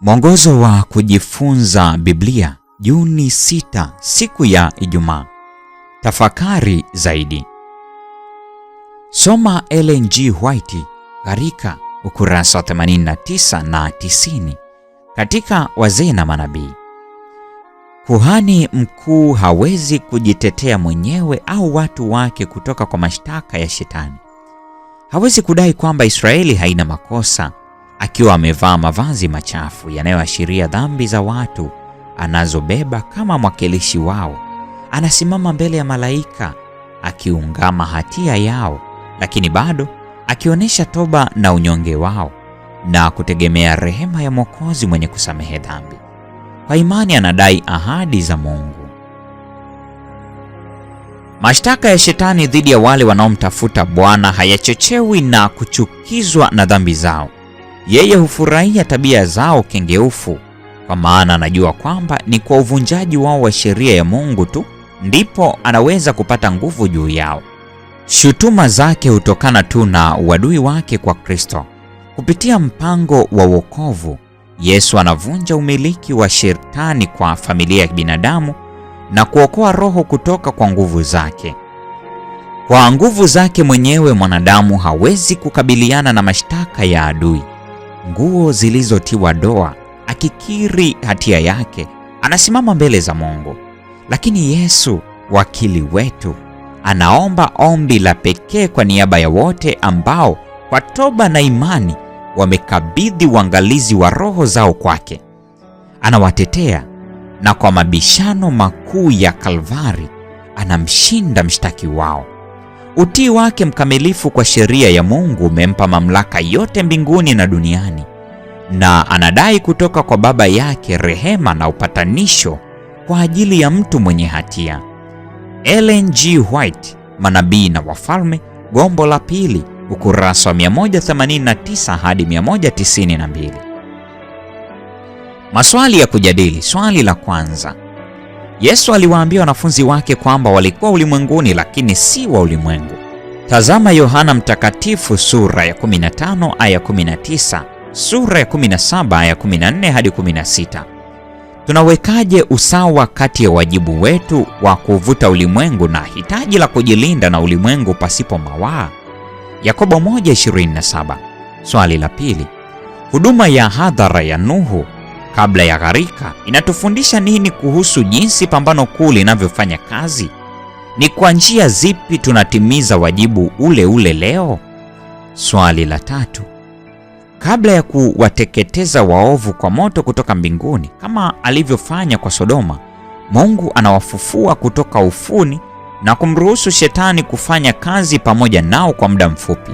Mwongozo wa kujifunza Biblia, Juni 6, siku ya Ijumaa. Tafakari zaidi. Soma Ellen G. White katika ukurasa 89 na 90 katika Wazee na Manabii. Kuhani mkuu hawezi kujitetea mwenyewe au watu wake kutoka kwa mashtaka ya Shetani. Hawezi kudai kwamba Israeli haina makosa akiwa amevaa mavazi machafu yanayoashiria dhambi za watu anazobeba kama mwakilishi wao. Anasimama mbele ya malaika akiungama hatia yao, lakini bado akionyesha toba na unyonge wao na kutegemea rehema ya Mwokozi mwenye kusamehe dhambi. Kwa imani anadai ahadi za Mungu. Mashtaka ya Shetani dhidi ya wale wanaomtafuta Bwana hayachochewi na kuchukizwa na dhambi zao, yeye hufurahia tabia zao kengeufu, kwa maana anajua kwamba ni kwa uvunjaji wao wa sheria ya Mungu tu ndipo anaweza kupata nguvu juu yao. Shutuma zake hutokana tu na uadui wake kwa Kristo. Kupitia mpango wa wokovu, Yesu anavunja umiliki wa shetani kwa familia ya binadamu na kuokoa roho kutoka kwa nguvu zake. Kwa nguvu zake mwenyewe mwanadamu hawezi kukabiliana na mashtaka ya adui nguo zilizotiwa doa, akikiri hatia yake, anasimama mbele za Mungu. Lakini Yesu, wakili wetu, anaomba ombi la pekee kwa niaba ya wote ambao kwa toba na imani wamekabidhi uangalizi wa roho zao kwake. Anawatetea na kwa mabishano makuu ya Kalvari anamshinda mshtaki wao. Utii wake mkamilifu kwa sheria ya Mungu umempa mamlaka yote mbinguni na duniani, na anadai kutoka kwa Baba yake rehema na upatanisho kwa ajili ya mtu mwenye hatia. Ellen G. White, Manabii na Wafalme, gombo la pili, ukurasa wa 189 hadi 192. Maswali ya kujadili. Swali la kwanza: Yesu aliwaambia wanafunzi wake kwamba walikuwa ulimwenguni lakini si wa ulimwengu. Tazama Yohana Mtakatifu sura ya 15 aya 19, sura ya 17 aya 14 hadi 16. Tunawekaje usawa kati ya wajibu wetu wa kuvuta ulimwengu na hitaji la kujilinda na ulimwengu pasipo mawaa? Yakobo 1:27. Swali la pili, huduma ya hadhara ya Nuhu kabla ya gharika inatufundisha nini kuhusu jinsi pambano kuu linavyofanya kazi? Ni kwa njia zipi tunatimiza wajibu ule ule leo? Swali la tatu, kabla ya kuwateketeza waovu kwa moto kutoka mbinguni kama alivyofanya kwa Sodoma, Mungu anawafufua kutoka ufuni na kumruhusu Shetani kufanya kazi pamoja nao kwa muda mfupi.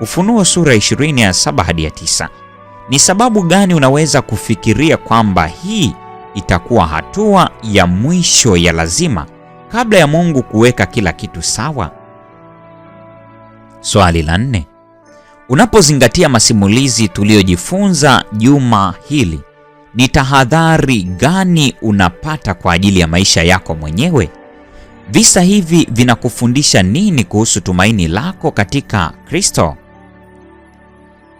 Ufunuo sura 20 ya 7 hadi ya 9. Ni sababu gani unaweza kufikiria kwamba hii itakuwa hatua ya mwisho ya lazima kabla ya Mungu kuweka kila kitu sawa? Swali la nne. Unapozingatia masimulizi tuliyojifunza juma hili, ni tahadhari gani unapata kwa ajili ya maisha yako mwenyewe? Visa hivi vinakufundisha nini kuhusu tumaini lako katika Kristo?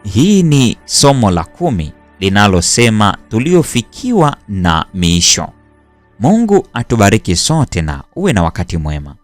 Hii ni somo la kumi linalosema tuliofikiwa na miisho. Mungu atubariki sote na uwe na wakati mwema.